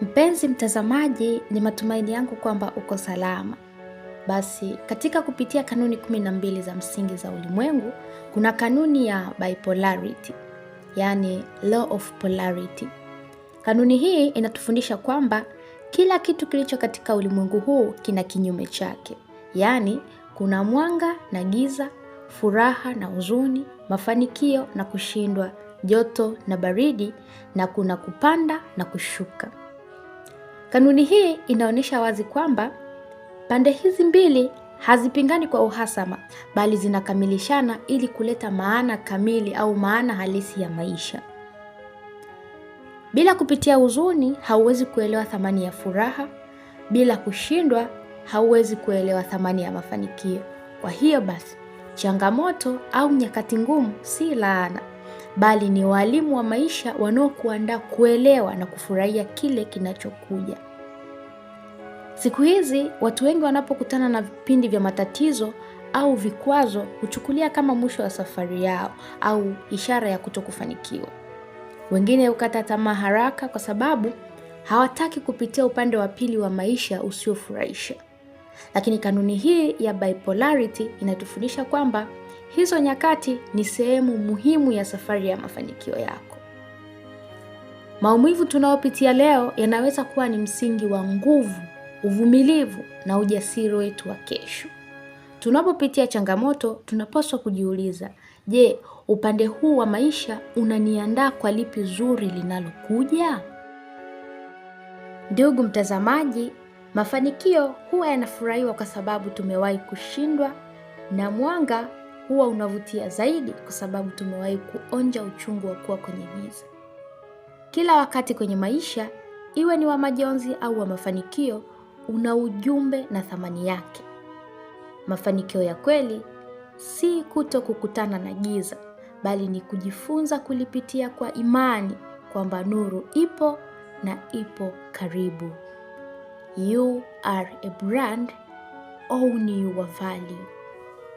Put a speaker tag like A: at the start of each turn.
A: Mpenzi mtazamaji, ni matumaini yangu kwamba uko salama. Basi katika kupitia kanuni kumi na mbili za msingi za ulimwengu kuna kanuni ya bipolarity, yani law of polarity. Kanuni hii inatufundisha kwamba kila kitu kilicho katika ulimwengu huu kina kinyume chake, yaani kuna mwanga na giza, furaha na huzuni, mafanikio na kushindwa, joto na baridi, na kuna kupanda na kushuka. Kanuni hii inaonyesha wazi kwamba pande hizi mbili hazipingani kwa uhasama, bali zinakamilishana ili kuleta maana kamili au maana halisi ya maisha. Bila kupitia huzuni, hauwezi kuelewa thamani ya furaha. Bila kushindwa, hauwezi kuelewa thamani ya mafanikio. Kwa hiyo basi, changamoto au nyakati ngumu si laana bali ni walimu wa maisha wanaokuandaa kuelewa na kufurahia kile kinachokuja. Siku hizi watu wengi wanapokutana na vipindi vya matatizo au vikwazo huchukulia kama mwisho wa safari yao au ishara ya kutokufanikiwa. Wengine hukata tamaa haraka kwa sababu hawataki kupitia upande wa pili wa maisha usiofurahisha. Lakini kanuni hii ya bipolarity inatufundisha kwamba Hizo nyakati ni sehemu muhimu ya safari ya mafanikio yako. Maumivu tunayopitia leo yanaweza kuwa ni msingi wa nguvu, uvumilivu na ujasiri wetu wa kesho. Tunapopitia changamoto, tunapaswa kujiuliza, je, upande huu wa maisha unaniandaa kwa lipi zuri linalokuja? Ndugu mtazamaji, mafanikio huwa yanafurahiwa kwa sababu tumewahi kushindwa na mwanga huwa unavutia zaidi kwa sababu tumewahi kuonja uchungu wa kuwa kwenye giza. Kila wakati kwenye maisha, iwe ni wa majonzi au wa mafanikio, una ujumbe na thamani yake. Mafanikio ya kweli si kuto kukutana na giza, bali ni kujifunza kulipitia kwa imani kwamba nuru ipo na ipo karibu. You are a brand, own your value.